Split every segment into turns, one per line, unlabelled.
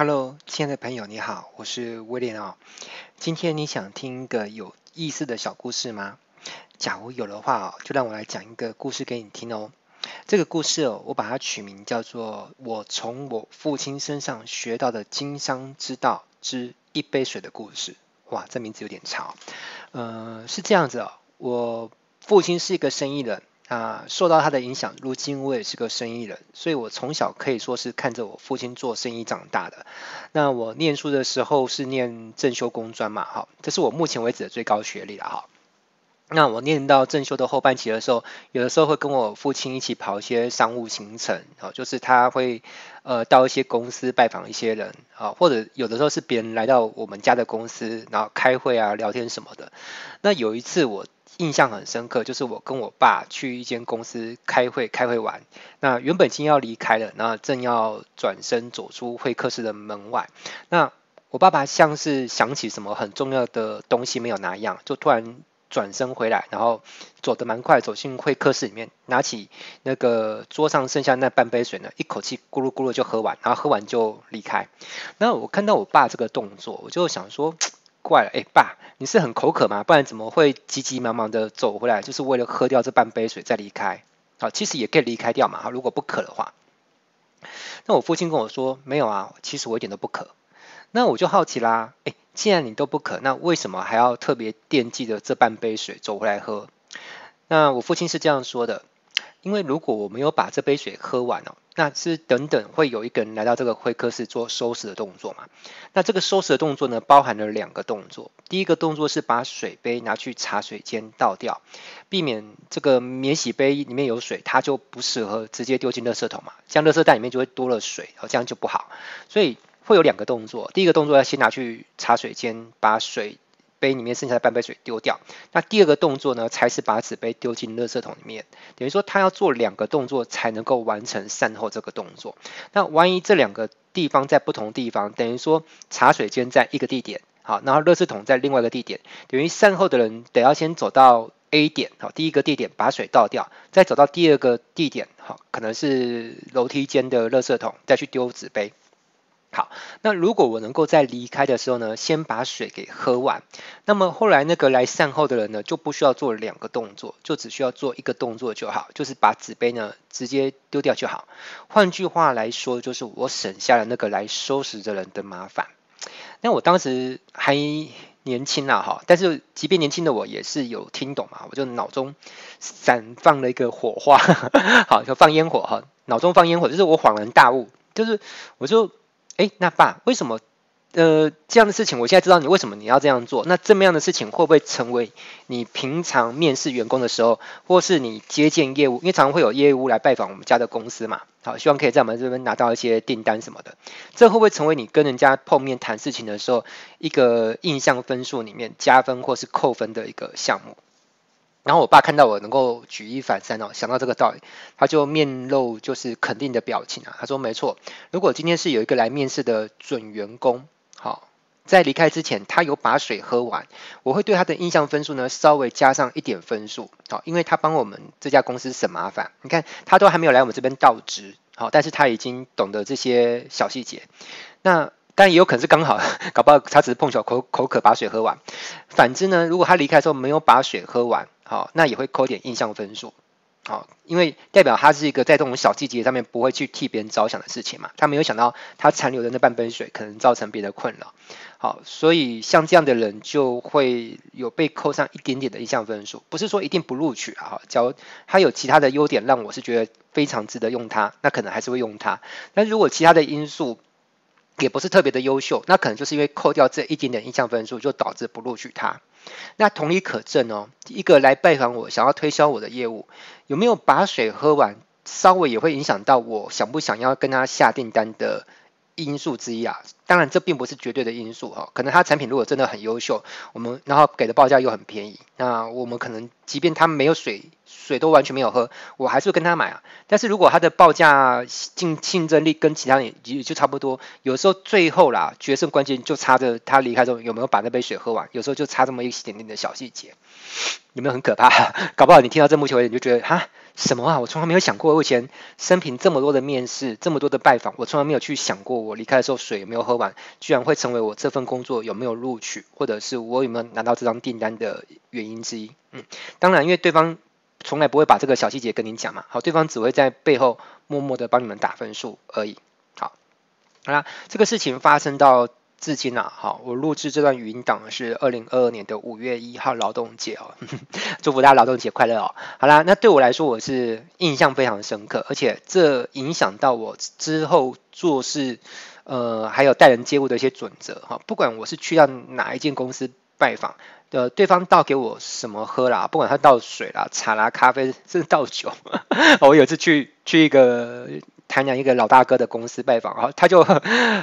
Hello，親愛的朋友，你好，我是威廉哦。今天你想聽一個有意思的小故事嗎？假如有的話哦，就讓我來講一個故事給你聽哦。這個故事哦，我把它取名叫做《我從我父親身上學到的經商之道之一杯水的故事》。哇，這名字有點長。呃，是這樣子哦，我父親是一個生意人。啊，受到他的影響，如今我也是個生意人，所以我從小可以說是看着我父親做生意長大的。那我念書的時候是念正修工專嘛，哈，這是我目前為止的最高學歷了哈。那我念到正修的後半期的時候，有的時候會跟我父親一起跑一些商務行程，啊，就是他會呃到一些公司拜訪一些人啊，或者有的時候是別人來到我們家的公司，然後開會啊、聊天什麼的。那有一次我，印象很深刻，就是我跟我爸去一間公司開會，開會完，那原本已經就要離開了，那正要轉身走出會客室的門外，那我爸爸像是想起什麼很重要的東西沒有拿一樣，就突然轉身回來，然後走得蠻快，走進會客室裡面，拿起那個桌上剩下那半杯水呢，一口氣咕嚕咕嚕就喝完，然後喝完就離開。那我看到我爸這個動作，我就想說。怪了，哎，爸，你是很口渴嗎？不然怎麼會急急忙忙的走回來，就是為了喝掉這半杯水再離開？好、哦，其實也可以離開掉嘛，如果不渴的話。那我父親跟我說，沒有啊，其實我一點都不渴。那我就好奇啦、啊，哎，既然你都不渴，那為什麼還要特別惦記着這半杯水走回來喝？那我父親是這樣說的，因為如果我沒有把這杯水喝完了、哦。那是等等會有一個人來到這個會客室做收拾的動作嘛？那這個收拾的動作呢，包含了兩個動作。第一個動作是把水杯拿去茶水間倒掉，避免這個免洗杯裡面有水，它，就不適合直接丟進垃圾桶嘛，這樣垃圾袋裡面就會多了水，然、哦、後這樣就不好。所以會有兩個動作，第一個動作要先拿去茶水間把水。杯裡面剩下的半杯水丟掉，那第二個動作呢，才是把紙杯丟進垃圾桶裡面。等於說他要做兩個動作才能夠完成善後這個動作。那萬一這兩個地方在不同地方，等於說茶水間在一個地點，好，然後垃圾桶在另外一個地點，等於善後的人得要先走到 A 點，好，第一個地點把水倒掉，再走到第二個地點，好，可能是樓梯間的垃圾桶再去丟紙杯。好，那如果我能夠在離開的時候呢，先把水給喝完，那麼後來那個來善後的人呢，就不需要做兩個動作，就只需要做一個動作就好，就是把紙杯呢直接丟掉就好。換句話來說，就是我省下了那個來收拾的人的麻煩。那我當時還年輕啊，哈，但是即便年輕的我也是有聽懂嘛，我就腦中閃放了一個火花， 好，就放煙火哈，腦中放煙火，就是我恍然大悟，就是我就。哎，那爸，為什麼，呃，這樣的事情，我現在知道你為什麼你要這樣做。那這麼樣的事情會不會成為你平常面試員工的時候，或是你接見業務，因為常常會有業務來拜訪我們家的公司嘛？好，希望可以在我們這邊拿到一些訂單什麼的。這會不會成為你跟人家碰面談事情的時候，一個印象分數裡面加分或是扣分的一個項目？然後我爸看到我能夠舉一反三哦，想到這個道理，他就面露就是肯定的表情啊。他說：“沒錯，如果今天是有一個來面試的準員工，好，在離開之前他有把水喝完，我會對他的印象分數呢稍微加上一點分數，好，因為他幫我們這家公司省麻煩。你看，他都還沒有來我們這邊到職，好，但是他已經懂得這些小細節，那。”但也有可能是剛好，搞不好他只是碰巧口口渴，把水喝完。反之呢，如果他離開的時候沒有把水喝完，好、哦，那也會扣點印象分數。好、哦，因為代表他是一個在這種小細節上面不會去替別人着想的事情嘛。他沒有想到他殘留的那半杯水可能造成別的困擾。好、哦，所以像這樣的人就會有被扣上一點點的印象分數。不是說一定不錄取啊、哦，假如他有其他的優點讓我是覺得非常值得用他，那可能還是會用他。但如果其他的因素，也不是特別的優秀，那可能就是因為扣掉這一點點印象分數，就導致不錄取他。那同理可證哦，一個來拜訪我，想要推銷我的業務，有沒有把水喝完，稍微也會影響到我想不想要跟他下訂單的。因素之一啊，當然這並不是絕對的因素哈、哦，可能他產品如果真的很優秀，我們然後給的報價又很便宜，那我們可能即便他沒有水，水都完全沒有喝，我還是會跟他買啊。但是如果他的報價競競爭力跟其他人就差不多，有時候最後啦，決勝關鍵就差着他離開之後有沒有把那杯水喝完，有時候就差這麼一點點的小細節，有沒有很可怕？搞不好你聽到這目前為止你就覺得哈？什麼啊！我從來沒有想過，我以前生平這麼多的面試，這麼多的拜訪，我從來沒有去想過，我離開的時候水也沒有喝完，居然會成為我這份工作有沒有錄取，或者是我有沒有拿到這張訂單的原因之一。嗯，當然，因為對方從來不會把這個小細節跟你講嘛。好，對方只會在背後默默的幫你們打分數而已。好，那，啊，這個事情發生到。至今啊，哈，我錄製這段語音檔是二零二二年的五月一號勞動節哦，呵呵，祝福大家勞動節快樂哦。好啦，那對我來說，我是印象非常深刻，而且這影響到我之後做事，呃，還有待人接物的一些準則哈。不管我是去到哪一間公司拜訪，呃，對方倒給我什麼喝啦，不管他倒水啦、茶啦、咖啡，甚至倒酒，呵呵，我有次去去一個。參加一個老大哥的公司拜訪啊，他就很，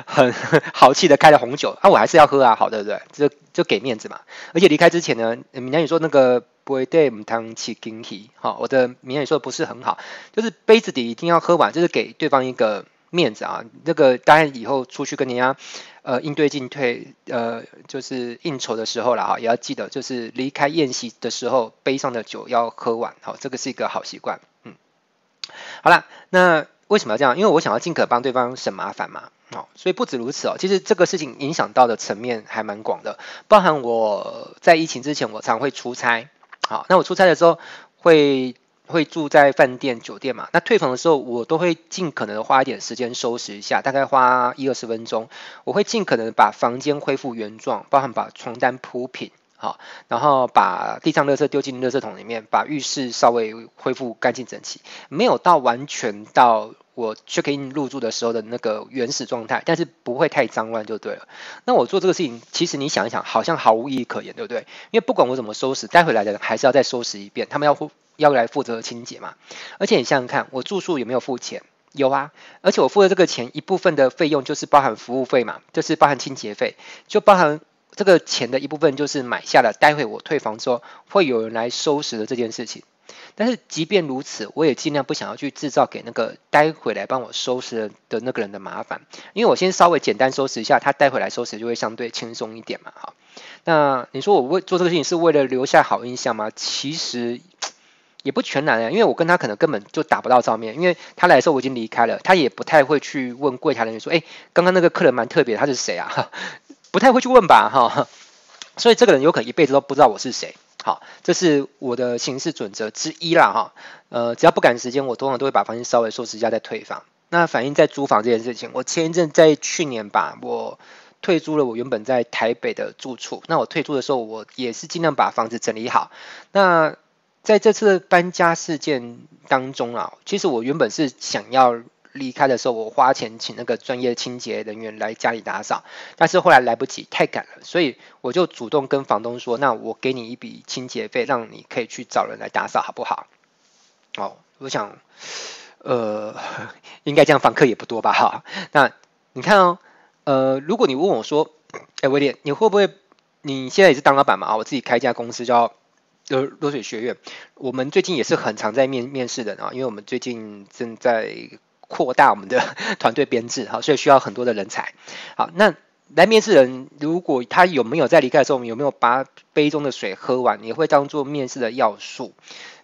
很豪氣的開了紅酒啊，我還是要喝啊，好，對不對？就就給面子嘛。而且離開之前呢，閩南語說那個 b 會 d 不 m tang k i n k 哈，我的閩南語說的不是很好，就是杯子裡一定要喝完，就是給對方一個面子啊。這個當然以後出去跟人家呃應對進退呃，就是應酬的時候了哈，也要記得，就是離開宴席的時候杯上的酒要喝完，好、哦，這個是一個好習慣。嗯，好了，那。為什麼要這樣？因為我想要盡可能幫對方省麻煩嘛，哦。所以不止如此哦。其實這個事情影響到的層面還蠻廣的，包含我在疫情之前我常會出差。好，哦，那我出差的時候會會住在飯店酒店嘛。那退房的時候我都會盡可能花一點時間收拾一下，大概花一二十分鐘，我會盡可能把房間恢復原狀，包含把床單鋪平。好，然後把地上垃圾丟進垃圾桶裡面，把浴室稍微恢復乾淨整齊，沒有到完全到我 check in 入住的時候的那個原始狀態，但是不會太髒亂就對了。那我做這個事情，其實你想一想，好像毫無意義可言，對不對？因為不管我怎麼收拾，待會來的人還是要再收拾一遍，他們要要來負責清潔嘛。而且你想想看，我住宿有沒有付錢？有啊，而且我付的這個錢一部分的費用就是包含服務費嘛，就是包含清潔費，就包含。這個錢的一部分就是買下了，待會我退房之後會有人來收拾的這件事情。但是即便如此，我也盡量不想要去制造給那個待會來幫我收拾的那個人的麻煩，因為我先稍微簡單收拾一下，他待會來收拾就會相對輕鬆一點嘛。哈，那你說我為做這個事情是為了留下好印象嗎？其實也不全然啊、欸，因為我跟他可能根本就打不到照面，因為他來的時候我已經離開了，他也不太會去問櫃台人員說，哎、欸，剛剛那個客人蠻特別，他是誰啊？ 不太會去問吧，哈，所以這個人有可能一輩子都不知道我是誰。好，這是我的行事準則之一啦，哈。呃，只要不趕時間，我通常都會把房間稍微收拾一下再退房。那反映在租房這件事情，我前一陣在去年吧，我退租了我原本在台北的住處。那我退租的時候，我也是盡量把房子整理好。那在這次搬家事件當中啊，其實我原本是想要。離開的時候，我花錢請那個專業清潔人員來家裡打掃，但是後來來不及，太趕了，所以我就主動跟房東說：“那我給你一筆清潔費，讓你可以去找人來打掃，好不好？”哦，我想，呃，應該這樣，房客也不多吧？哈，那你看哦，呃，如果你問我說：“哎、欸，威廉，你會不會？你現在也是當老闆嘛？啊，我自己開一家公司叫落、呃、落水學院，我們最近也是很常在面面試的啊，因為我們最近正在。”擴大我們的團隊編制，所以需要很多的人才。好，那來面試人，如果他有沒有在離開的時候，我們有沒有把杯中的水喝完，也會當做面試的要素。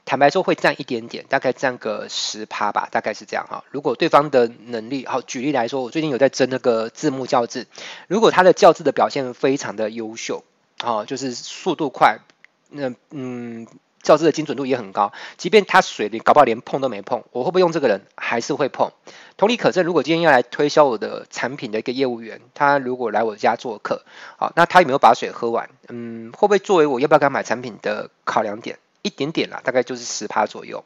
坦白說，會佔一點點，大概占個十趴吧，大概是這樣哈。如果對方的能力好，舉例來說，我最近有在徵那個字幕校字，如果他的校字的表現非常的優秀，就是速度快，那嗯。造知的精準度也很高，即便他水你搞不好連碰都沒碰，我會不會用這個人還是會碰。同理可證，如果今天要來推銷我的產品的一個業務員，他如果來我家做客，好，那他有沒有把水喝完？嗯，會不會作為我要不要給他買產品的考量點？一點點啦，大概就是十趴左右。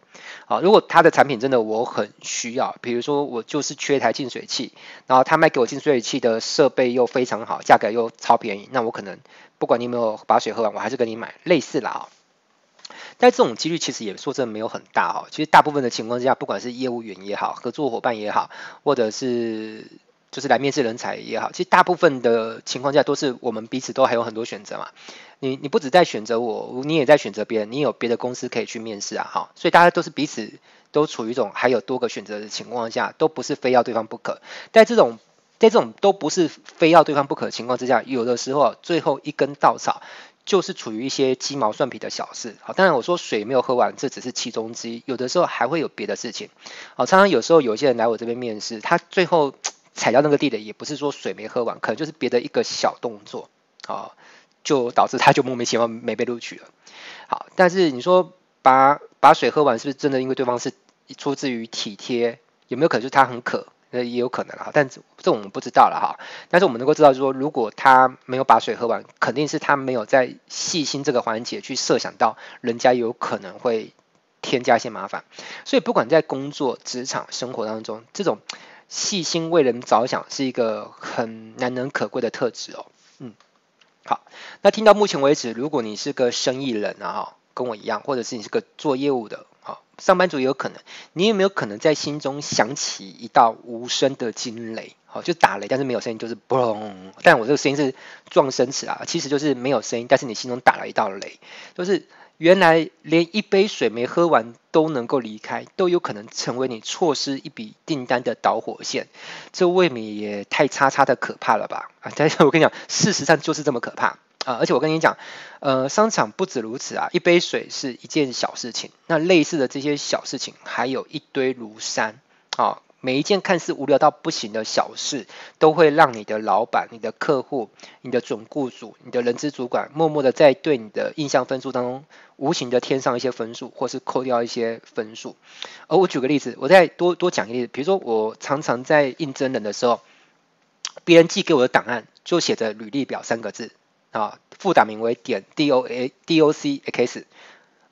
好，如果他的產品真的我很需要，比如說我就是缺一台淨水器，然後他賣給我淨水器的設備又非常好，價格又超便宜，那我可能不管你有沒有把水喝完，我還是跟你買。類似啦，哦。但這種幾率其實也說真的沒有很大哈、哦，其實大部分的情況之下，不管是業務員也好，合作夥伴也好，或者是就是來面試人才也好，其實大部分的情況下都是我們彼此都還有很多選擇嘛。你你不止在選擇我，你也在選擇別人，你有別的公司可以去面試啊哈、哦。所以大家都是彼此都處於一種還有多個選擇的情況下，都不是非要對方不可。在這種在這種都不是非要對方不可的情況之下，有的時候最後一根稻草，就是處於一些雞毛蒜皮的小事，好，當然我說水沒有喝完，這只是其中之一，有的時候還會有別的事情，好，常常有時候有些人來我這邊面試，他最後踩到那個地雷，也不是說水沒喝完，可能就是別的一個小動作，好，就導致他就莫名其妙沒被錄取了，好，但是你說把把水喝完，是不是真的因為對方是出自於體貼，有沒有可能就是他很渴？那也有可能啊，但這這我們不知道了哈。但是我們能夠知道說，說如果他沒有把水喝完，肯定是他沒有在細心這個環節去設想到人家有可能會添加一些麻煩。所以不管在工作、職場、生活當中，這種細心為人着想是一個很難能可貴的特質哦。嗯，好，那聽到目前為止，如果你是個生意人啊，跟我一樣，或者是你是個做業務的。好，上班族也有可能，你有沒有可能在心中響起一道無聲的驚雷？好，就打雷，但是沒有聲音，就是嘣。但我這個聲音是狀聲詞啊，其實就是沒有聲音，但是你心中打了一道雷，就是原來連一杯水沒喝完都能夠離開，都有可能成為你錯失一筆訂單的導火線，這未免也太差差的可怕了吧？啊，但是我跟你講，事實上就是這麼可怕。啊，而且我跟你講，呃，商場不止如此啊。一杯水是一件小事情，那類似的這些小事情還有一堆如山啊。每一件看似無聊到不行的小事，都會讓你的老闆、你的客戶、你的準雇主、你的人資主管，默默的在對你的印象分數當中，無形的添上一些分數，或是扣掉一些分數。而我舉個例子，我再多多講一個例子，比如說我常常在應徵人的時候，別人寄給我的檔案就寫着“履歷表”三個字。啊、哦，副檔名為點 d o a d o c x。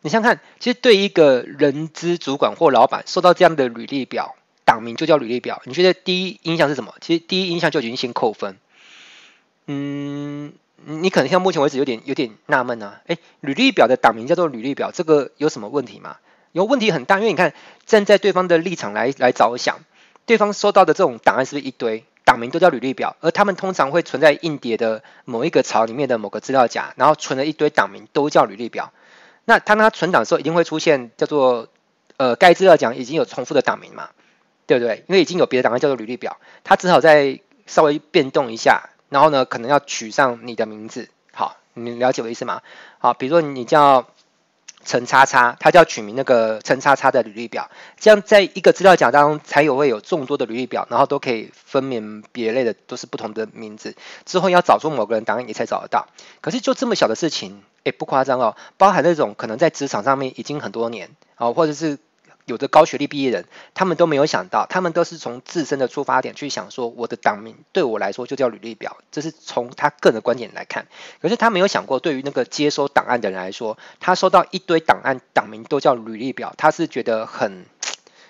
你想想看，其實對一個人資主管或老板收到這樣的履歷表，檔名就叫履歷表，你覺得第一印象是什麼？其實第一印象就已經先扣分。嗯，你可能像目前為止有點有點納悶啊，哎、欸，履歷表的檔名叫做履歷表，這個有什麼問題嗎？有問題很大，因為你看站在對方的立場來來着想，對方收到的這種檔案是不是一堆？檔名都叫履歷表，而他們通常會存在硬碟的某一個槽裡面的某個資料夾，然後存了一堆檔名都叫履歷表。那當他那存檔的時候一定會出現叫做呃該資料夾已經有重複的檔名嘛，對不對？因為已經有別的檔案叫做履歷表，他只好再稍微變動一下，然後呢，可能要取上你的名字。好，你了解我意思嗎？好，比如說你叫。陳叉叉，他叫取名那個陳叉叉的履歷表，這樣在一個資料夾當中才有會有眾多的履歷表，然後都可以分門別類的都是不同的名字，之後要找出某個人檔案也才找得到。可是就這麼小的事情也、欸、不誇張哦，包含那種可能在職場上面已經很多年哦，或者是。有的高學歷畢業人，他們都沒有想到，他們都是從自身的出發點去想說，說我的檔名對我來說就叫履歷表，這是從他個人的觀點來看。可是他沒有想過，對於那個接收檔案的人來說，他收到一堆檔案，檔名都叫履歷表，他是覺得很。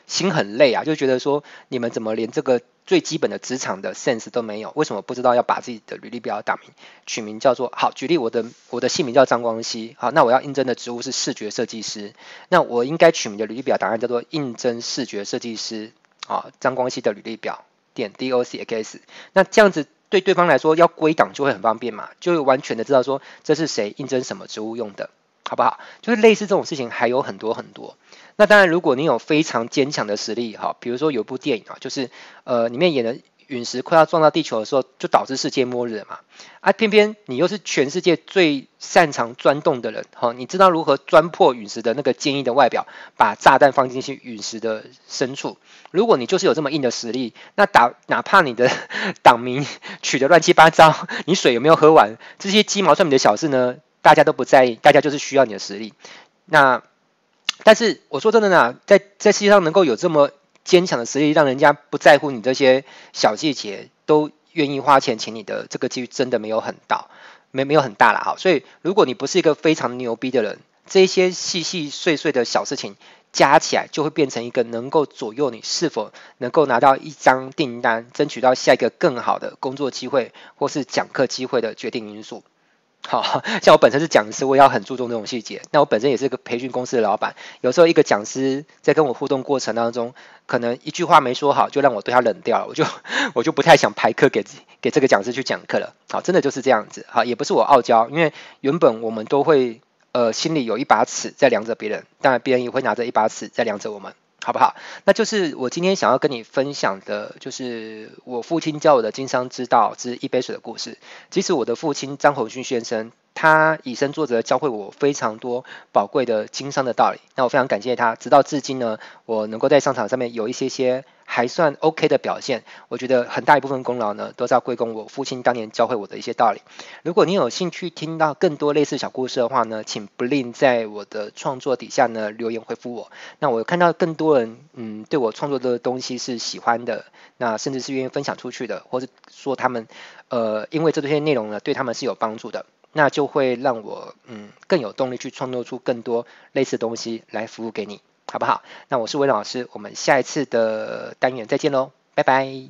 心很累啊，就覺得說你們怎麼連這個最基本的職場的 sense 都沒有？為什麼不知道要把自己的履歷表檔名取名叫做好？舉例我的我的姓名叫張光熙，好，那我要應徵的職務是視覺設計師，那我應該取名的履歷表檔案叫做應徵視覺設計師，好，張光熙的履歷表點 docx。O C A K、s, 那這樣子對對方來說要歸檔就會很方便嘛，就會完全的知道說，這是誰應徵什麼職務用的，好不好？就是類似這種事情還有很多很多。那當然，如果你有非常堅強的實力，哈，比如說有部電影啊，就是，呃，裡面演的隕石快要撞到地球的時候，就導致世界末日了嘛。啊，偏偏你又是全世界最擅長鑽洞的人，哈，你知道如何鑽破隕石的那個堅硬的外表，把炸彈放進去隕石的深處。如果你就是有這麼硬的實力，那打哪怕你的檔名取得亂七八糟，你水有沒有喝完，這些雞毛蒜皮的小事呢，大家都不在意，大家就是需要你的實力。那。但是我說真的呢，在在世界上能夠有這麼堅強的實力，讓人家不在乎你這些小細節，都願意花錢請你的這個機遇真的沒有很大，沒沒有很大了。所以如果你不是一個非常牛逼的人，這些細細碎碎的小事情加起來，就會變成一個能夠左右你是否能夠拿到一張訂單，爭取到下一個更好的工作機會或是講課機會的決定因素。好像我本身是講師，我也要很注重這種細節。那我本身也是一個培訓公司的老闆，有時候一個講師在跟我互動過程當中，可能一句話沒說好，就讓我對他冷掉了，我就我就不太想排課給給這個講師去講課了。好，真的就是這樣子。好，也不是我傲嬌，因為原本我們都會呃心裡有一把尺在量着別人，當然別人也會拿着一把尺在量着我們。好不好？那就是我今天想要跟你分享的，就是我父親教我的經商之道之一杯水的故事。其實我的父親張洪俊先生，他以身作則，教會我非常多寶貴的經商的道理。那我非常感謝他，直到至今呢，我能夠在商場上面有一些些。還算 OK 的表現，我覺得很大一部分功勞呢，都是要歸功我父親當年教會我的一些道理。如果你有興趣聽到更多類似小故事的話呢，請不吝在我的創作底下呢留言回復我。那我看到更多人，嗯，對我創作的東西是喜歡的，那甚至是願意分享出去的，或者說他們，呃，因為這些內容呢對他們是有幫助的，那就會讓我，嗯，更有動力去創作出更多類似的東西來服務給你。好不好？那我是溫老師，我們下一次的單元再見嘍，拜拜。